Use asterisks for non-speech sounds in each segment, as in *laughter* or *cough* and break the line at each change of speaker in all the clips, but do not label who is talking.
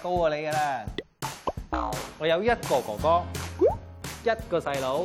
高過你噶啦！我有一個哥哥，一個細佬，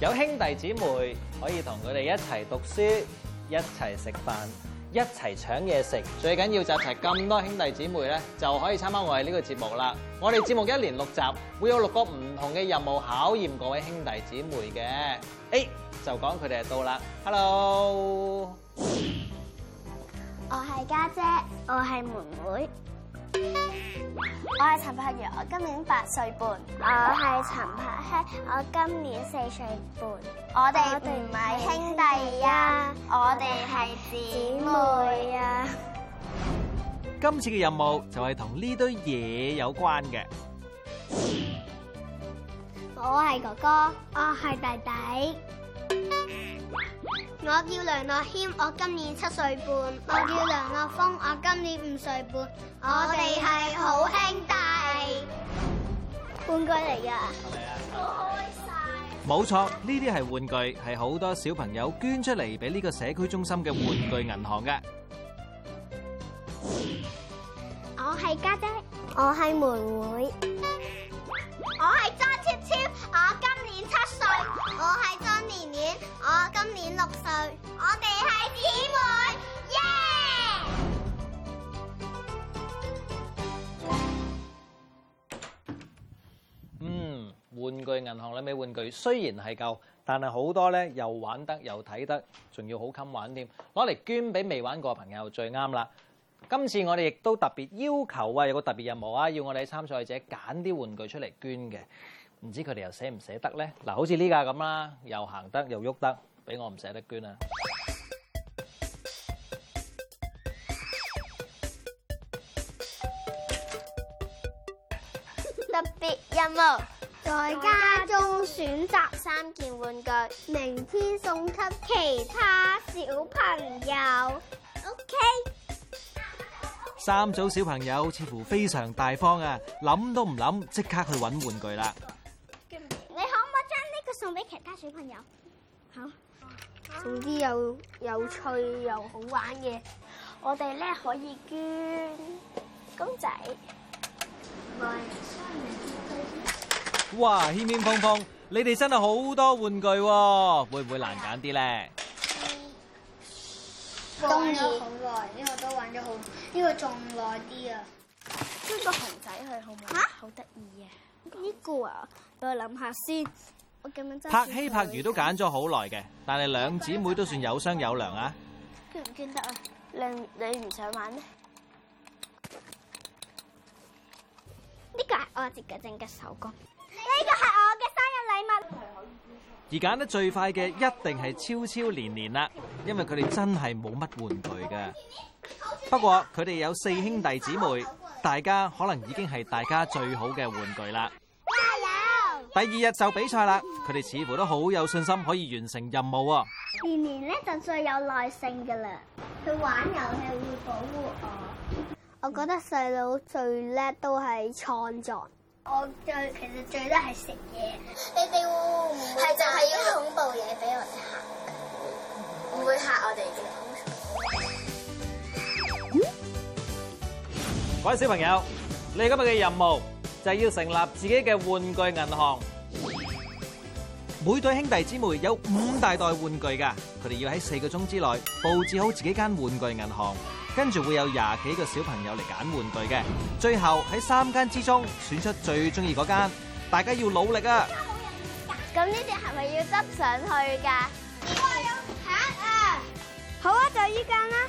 有兄弟姊妹可以同佢哋一齊讀書，一齊食飯，一齊搶嘢食。最緊要集齊咁多兄弟姊妹咧，就可以參加我哋呢個節目啦。我哋節目一連六集，會有六個唔同嘅任務考驗各位兄弟姊妹嘅。誒，就講佢哋到啦，Hello，我
係家姐，姐，我係妹妹。我係陳柏如，我今年八歲半。我係陳柏希，我今年四歲半。我哋唔係兄弟呀，我哋係姊妹呀。
今次嘅任務就係同呢堆嘢有關嘅。
我係哥哥，我係弟弟。我叫梁樂謙，我今年七歲半。我叫梁樂峰，我今年五歲半。我哋係好兄弟。玩具嚟噶？係咪啊？好開晒！
冇錯，呢啲係玩具，係好多小朋友捐出嚟俾呢個社區中心嘅玩具銀行嘅。
我係家姐，姐，我係妹妹， *laughs* 我係揸超超。我。我係張年年，我今年六歲，我哋係姊妹耶。Yeah!
嗯，玩具銀行裏邊玩具雖然係舊，但係好多咧，又玩得又睇得，仲要好襟玩添，攞嚟，捐俾未玩過嘅朋友最啱啦。今次我哋亦都特別要求啊，有個特別任務啊，要我哋參賽者揀啲玩具出嚟，捐嘅。唔知佢哋又捨唔捨得咧？嗱，好似呢架咁啦，又行得又喐得，俾我唔捨得捐啊！
特別任務，在家中選擇三件玩具，明天送給其他小朋友。OK，
三組小朋友似乎非常大方啊，諗都唔諗，即刻去揾玩具啦。
小朋友，好，總之又有趣又好玩嘅，我哋咧可以捐公仔。
哇，天邊碰碰，你哋真係好多玩具，會唔會難揀啲咧？都要好耐，呢
個都玩咗好，呢個仲耐啲啊！呢個熊仔係好唔好？好得意啊！呢個啊，等我諗下先。拍戲拍魚都
揀咗好耐嘅，但係兩姊妹都算有商有量啊！
見唔見得啊？你你唔想玩咩？呢個係我自己整嘅手工，呢個係我嘅生日禮物。
而揀得最快嘅一定係超超年年啦，因為佢哋真係冇乜玩具嘅。 *laughs* 不過佢哋有四兄弟姊妹，大家可能已經係大家最好嘅玩具啦。第二日就比賽啦，佢哋似乎都好有信心可以完成任務。
年年咧就最有耐性噶啦，佢玩遊戲會保護我。我覺得細佬最叻都係創作。我最其實最叻係食嘢。你哋會唔會係就係要恐怖嘢俾我哋吓？
唔會嚇我哋嘅。各位小朋友，你今日嘅任務。就係要成立自己嘅玩具銀行，每對兄弟姊妹有五大袋玩具噶，佢哋要喺四個鐘之內布置好自己間玩具銀行，跟住會有廿幾個小朋友嚟揀玩具嘅，最後喺三間之中選出最中意嗰間，大家要努力啊！
咁呢啲係咪要執上去噶？有盒啊！好啊，就呢間啦。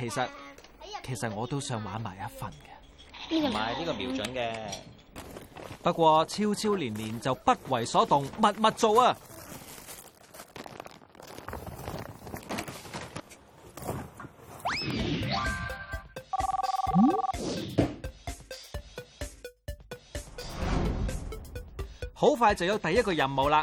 其實其實我都想玩埋一份
嘅，同埋呢個瞄準嘅。
不過，超超年年就不為所動，密密做啊！好、嗯、快就有第一個任務啦。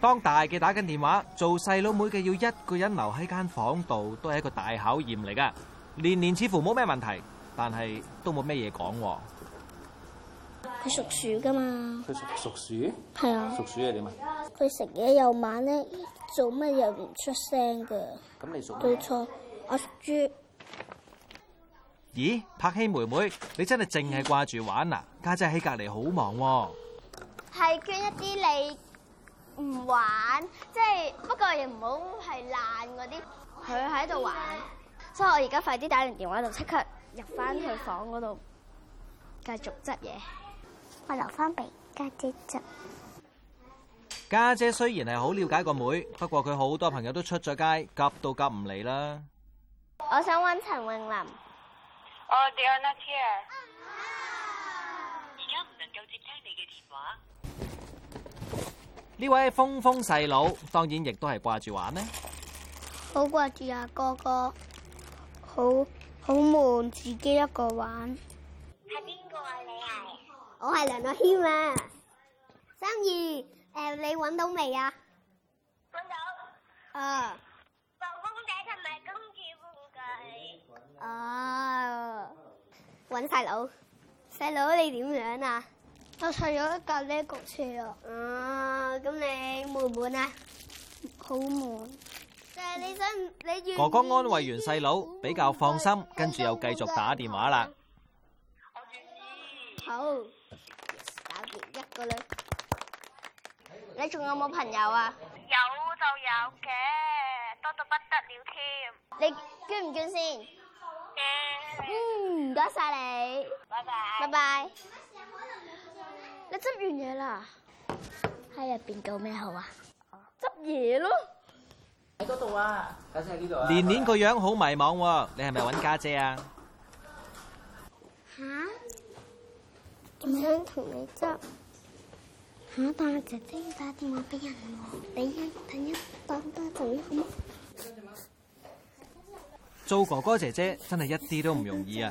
當大嘅打緊電話，做細佬妹嘅要一個人留喺間房度，都係一個大考驗嚟噶。年年似乎冇咩問題，但係都冇咩嘢講。
佢屬鼠噶嘛？
佢屬屬鼠？係啊。屬鼠係點啊？
佢食嘢又慢咧，做乜又唔出聲噶？咁你屬？對錯？我屬豬。
咦，柏希妹妹，你真係淨係掛住玩啊？家姐喺隔籬好忙啊。
係捐一啲你。唔玩，即係不過亦唔好係爛嗰啲，佢喺度玩，嗯、所以我而家快啲打完電話就即刻入翻去房嗰度繼續執嘢，我留翻俾家姐執。
家姐雖然係好了解個妹，不過佢好多朋友都出咗街，夾到夾唔嚟啦。
我想揾陳詠琳。Oh, they are not here.
呢位峰峰細佬當然亦都係掛住玩咧，好掛
住啊哥哥，好好悶自己一個玩。係邊個啊？你係我係梁樂軒啊。三二誒，你揾到未啊？揾到。啊。《王宮仔》係咪公主
玩
具？啊，揾細佬，細佬你點樣啊？我除咗一架呢個車啊。咁你悶唔悶啊？好悶。即係你想你。哥哥安慰
完細佬，比較放心，跟住又繼續打電話啦。
好，打完一個啦。你仲有冇朋友啊？有就有嘅，多到不得了添。你捐唔捐先？嘅。嗯，唔該晒你。拜拜。拜拜。你執完嘢啦。喺入邊做咩好啊？執嘢咯！喺嗰度啊！家姐喺度啊？
年年個樣好迷茫喎，你係咪揾家姐啊？吓、
啊？想同你執吓，但係、啊、姐姐要打電話俾人、啊。等一等一，幫哥做一咁。嗯嗯、
做哥哥姐姐真係一啲都唔容易啊！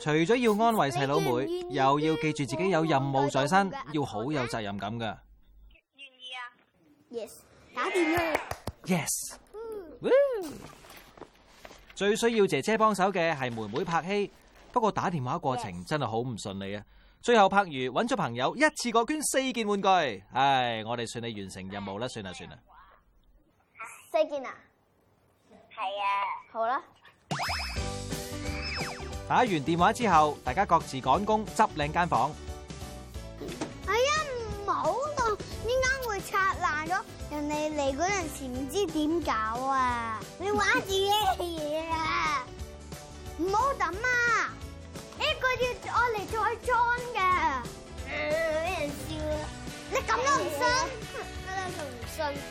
除咗要安慰細佬妹，又要記住自己有任務在身，要好有責任感噶。Yes，打電 Yes，最需要姐姐幫手嘅係妹妹柏希，不過打電話過程真係好唔順利啊！Yes. 最後柏如揾咗朋友一次過捐四件玩具，唉，我哋順利完成任務啦，算啦算啦。算
四件啊？係啊。好啦吧，
打完電話之後，大家各自趕工執靚間房。.
嚟嗰陣時唔知點搞啊！你玩自己嘅嘢啊，唔好抌啊！呢個要我嚟再裝嘅，俾人笑啦！你咁都唔信，咁都唔信，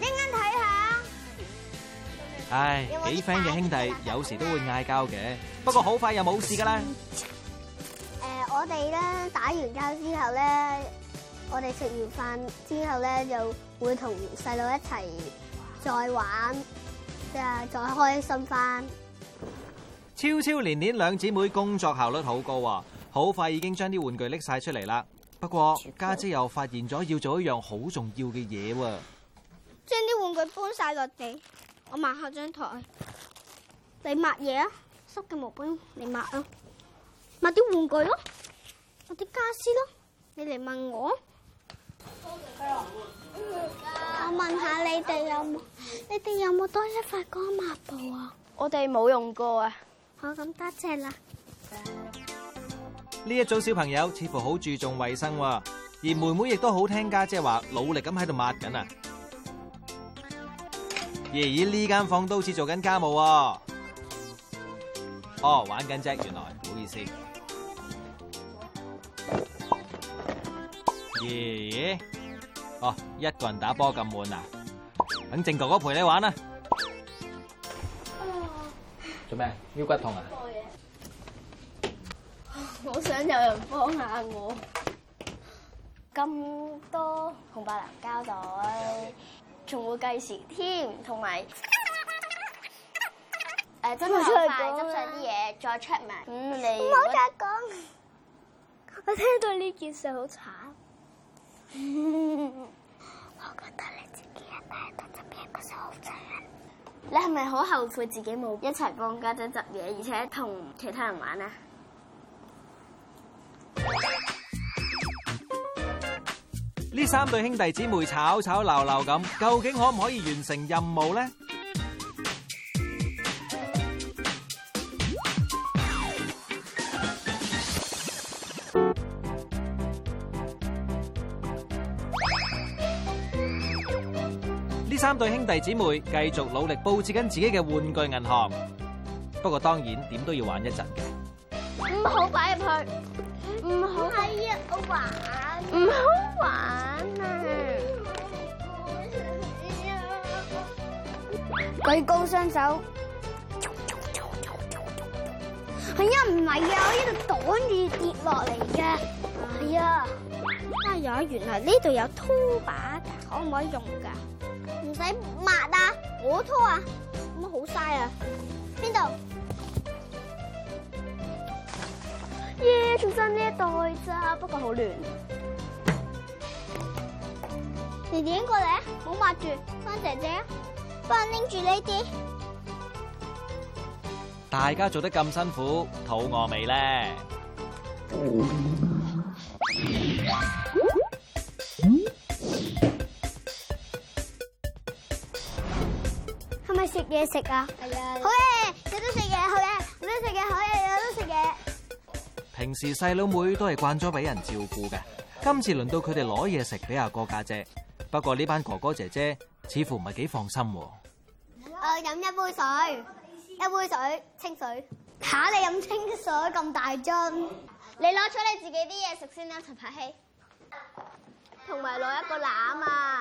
你啱睇下。
唉，幾 friend 嘅兄弟有時都會嗌交嘅，不過好快又冇事噶啦。
誒，我哋咧打完交之後咧，我哋食完飯之後咧就。會同細佬一齊再玩，即係再開心翻。
超超年年兩姊妹工作效率好高喎，好快已經將啲玩具拎晒出嚟啦。不過家姐又發現咗要做一樣好重要嘅嘢喎，
將啲玩具搬晒落地，我抹下張台，你抹嘢啊，濕嘅毛巾你抹啊，抹啲玩具咯，抹啲家私咯，你嚟問我。我問下你哋有冇？你哋有冇多一塊乾抹布啊？我哋冇用過啊。好，咁多謝啦。
呢一組小朋友似乎好注重衛生，而妹妹亦都好聽家姐話，努力咁喺度抹緊啊。爺爺，呢間房都似做緊家務喎。哦。哦，玩緊啫，原來，唔好意思。爺爺。哦，一個人打波咁悶啊！等靜哥哥陪你玩啦。做咩？
腰骨痛啊！我想有人幫下我。咁多紅白藍膠袋，仲會計時添，同埋誒執上快執上啲嘢再出名。唔好再講，我聽到呢件事好慘。你係咪好後悔自己冇一齊幫家姐執嘢，而且同其他人玩啊？
呢三對兄弟姊妹吵吵鬧鬧咁，究竟可唔可以完成任務咧？對兄弟姊妹繼續努力布置緊自己嘅玩具銀行，不過當然點都要玩一陣
嘅。唔好擺入去，唔好喺一個玩，唔好玩啊！舉高雙手，係啊，唔係啊，我喺度擋住跌落嚟嘅。係啊，哎呀，原來呢度有拖把噶，可唔可以用噶？唔使抹啊，我拖啊，咁樣好嘥啊。邊度？耶，仲剩呢一袋咋？不過好亂。玲玲過嚟啊，唔好抹住，翻姐姐啊，幫我拎住呢啲。
大家做得咁辛苦，肚餓未咧？
食啊！好嘅，我都食嘢，好嘅，我都食嘢，好嘅，我都食嘢。
平時細佬妹都係慣咗俾人照顧嘅，今次輪到佢哋攞嘢食俾阿哥家姐。不過呢班哥哥姐姐似乎唔係幾放心。誒，
飲一杯水，一杯水，清水。吓，你飲清水咁大樽？你攞出你自己啲嘢食先啦，陳柏希。同埋攞一個籃啊！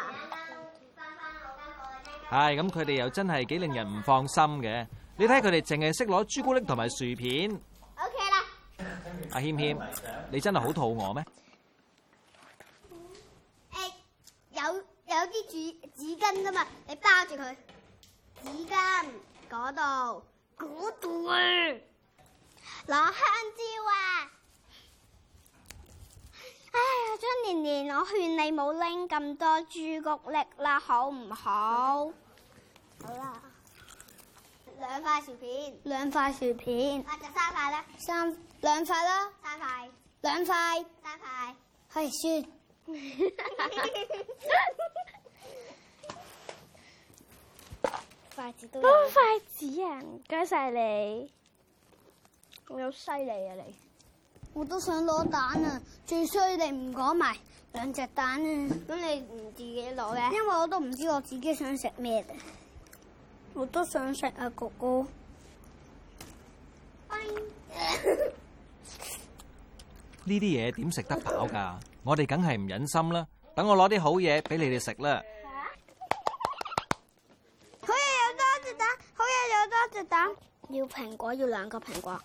係咁，佢哋又真係幾令人唔放心嘅。你睇佢哋淨係識攞朱古力同埋薯片。
OK 啦，阿謙謙，你真係好肚餓咩？誒，有有啲紙紙巾吖嘛？你包住佢。紙巾嗰度，嗰度攞香蕉啊！張年年，我勸你冇拎咁多朱古力啦，好唔好？好啦，兩塊薯片，兩塊薯片，就三塊啦，三兩塊啦，三塊，兩塊，三塊，係算筷子多，多筷子啊！唔該晒你，我好犀利啊你。我都想攞蛋啊！最衰你唔講埋兩隻蛋啊！咁你唔自己攞嘅？因為我都唔知我自己想食咩。我都想食啊，哥哥。
呢啲嘢點食得飽噶？我哋梗係唔忍心啦。等我攞啲好嘢俾你哋食啦。
*laughs* 好嘢有多隻蛋，好嘢有多隻蛋。要蘋果，要兩個蘋果。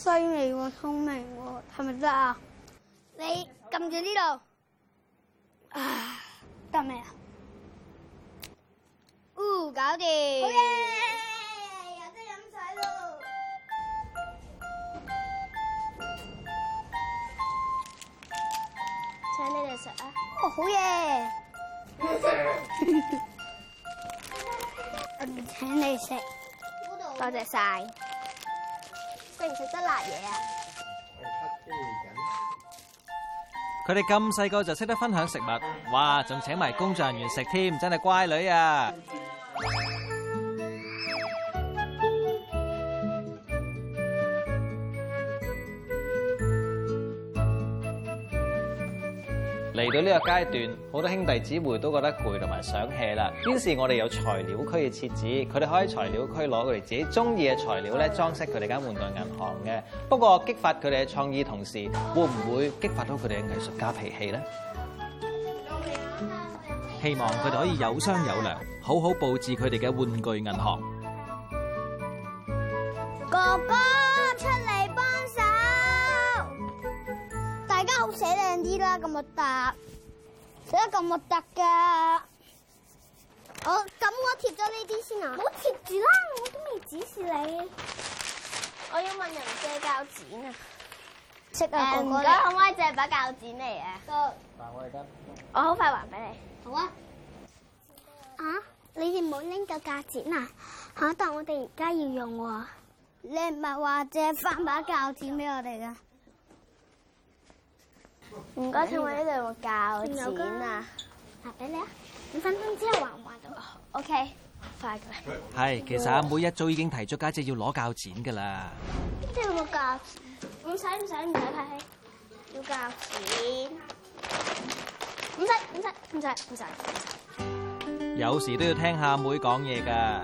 犀利喎，聰明喎，係咪得啊？你撳住呢度，得未啊？哦，搞掂。好嘢，有得飲水咯。請你哋食啊！哦，好嘢。唔請你食，多謝晒。
食唔食得辣嘢啊？佢哋咁細個就識得分享食物，哇！仲請埋工作人員食添，真係乖女啊！嚟到呢個階段，好多兄弟姊妹都覺得攰同埋想歇啦。於是，我哋有材料區嘅設置，佢哋可以喺材料區攞佢哋自己中意嘅材料咧，裝飾佢哋間玩具銀行嘅。不過，激發佢哋嘅創意同時，會唔會激發到佢哋嘅藝術家脾氣咧，嗯嗯嗯？希望佢哋可以有商有量，好好佈置佢哋嘅玩具銀行。
哥哥。寫靚啲啦，咁核突，寫得咁核突噶。Oh, 我咁我貼咗呢啲先啊。咪貼住啦，我都未指示你。我要問人借鉸剪啊。識啊、嗯、哥哥，可唔可以借把鉸剪嚟啊？得哥。我而家，
我好快
還俾你。好啊，啊，你啊。啊，你哋冇拎個鉸剪啊？吓、啊，但我哋而家要用喎。你唔係話借翻把鉸剪俾我哋噶？唔該，請我呢度有冇鉸剪啊！嗱，俾你啊，五分鐘之後還唔還到？O K，快啲嚟。係，其實阿妹
一早已經提出家姐要攞鉸剪噶啦。
即係我教，我使唔使唔使？要鉸剪，唔使唔使唔使唔使。
有時都要聽下阿妹講嘢噶。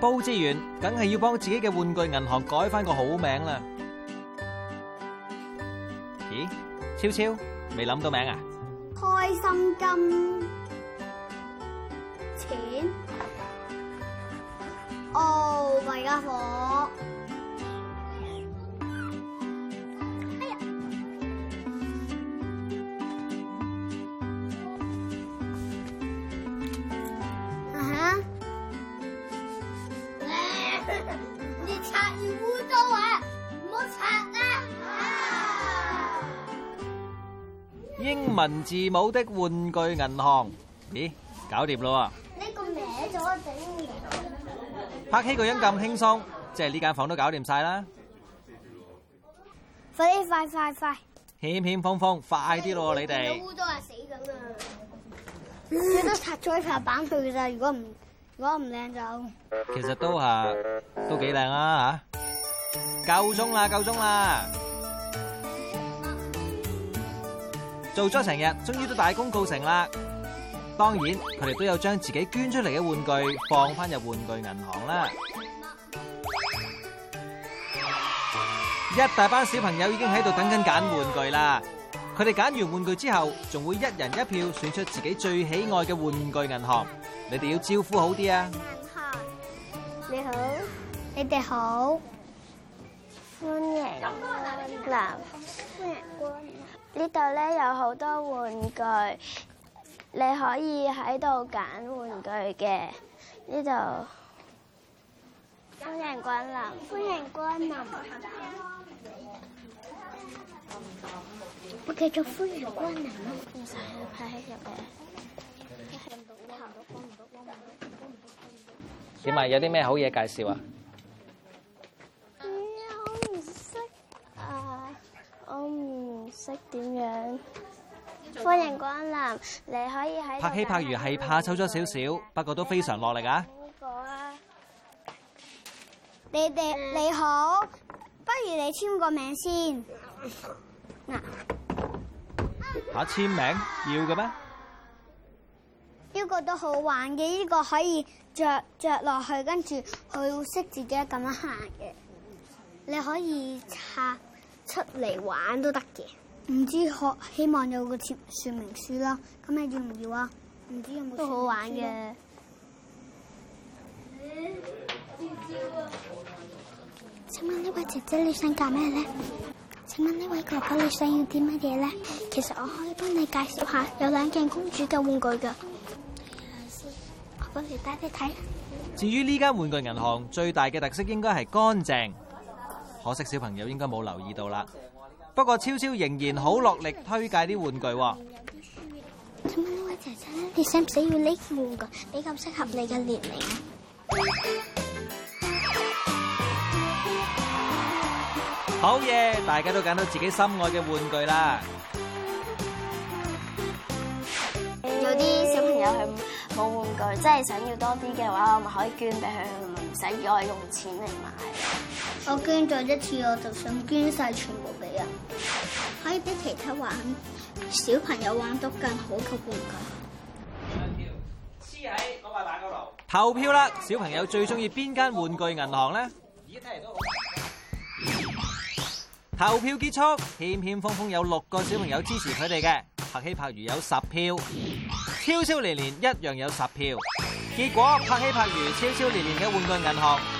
包志遠，梗係要幫自己嘅玩具銀行改翻個好名啦。咦，超超，未諗到名啊！
開心金錢，哦，大家伙。
英文字母的玩具銀行，咦，搞掂啦喎！呢個
歪咗整，
拍戲個音咁輕鬆，即係呢間房都搞掂晒啦！
快啲快快快，
謙謙方方，快啲咯你哋！污糟啊死
咁啊！最多擦再擦板對咋，如果唔如果唔
靚就……其實都係都幾靚啊吓！夠鐘啦夠鐘啦！做咗成日，終於都大功告成啦！當然，佢哋都有將自己捐出嚟嘅玩具放翻入玩具銀行啦。一大班小朋友已經喺度等緊揀玩具啦。佢哋揀完玩具之後，仲會一人一票選出自己最喜愛嘅玩具銀行。你哋要招呼好啲啊！銀行，
你好，你哋好。歡迎光臨，歡迎光。呢度咧有好多玩具，你可以喺度揀玩具嘅。呢度歡迎光臨，歡迎光臨。我繼續歡迎光臨咯，唔使拍喺
入邊。點啊？有啲咩好嘢介紹啊？
歡迎光臨，你可以喺拍戲拍如係怕
醜咗少少，不過都非常落力啊！
你哋你好，不如你簽個名先嗱，
下、啊啊、簽名要嘅咩？
呢個都好玩嘅，呢、這個可以着着落去，跟住佢識自己咁樣行嘅，你可以拆出嚟玩都得嘅。唔知學希望有個貼說明書啦，咁你要唔要啊？唔知有冇？都好玩嘅。請問呢位姐姐，你想揀咩咧？請問呢位哥哥，你想要啲乜嘢咧？其實我可以幫你介紹下，有兩件公主嘅玩具㗎。我幫你帶你睇。
至於呢間玩具銀行最大嘅特色應該係乾淨，可惜小朋友應該冇留意到啦。不過，超超仍然好落力推介啲玩具喎。
請問呢位姐姐，你使唔使要呢個玩具比較適合你嘅年齡？
好嘢，大家都揀到自己心愛嘅玩具啦。有啲小朋友
佢冇玩具，真係想要多啲嘅話，我咪可以捐俾佢，唔使再用錢嚟買。我捐咗一次，我就想捐晒全
部俾人，可以俾其他玩小朋友玩到更好嘅玩具。投票，黐喺塊板度。投票啦！小朋友最中意邊間玩具銀行咧？投票結束，謙謙風風有六個小朋友支持佢哋嘅，拍戲拍魚有十票，悄悄連連一樣有十票。結果拍戲拍魚悄悄連連嘅玩具銀行。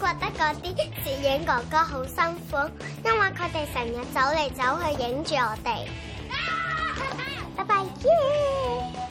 覺得嗰啲攝影哥哥好辛苦，因為佢哋成日走嚟走去影住我哋。拜拜、啊，耶、啊！Bye bye. Yeah.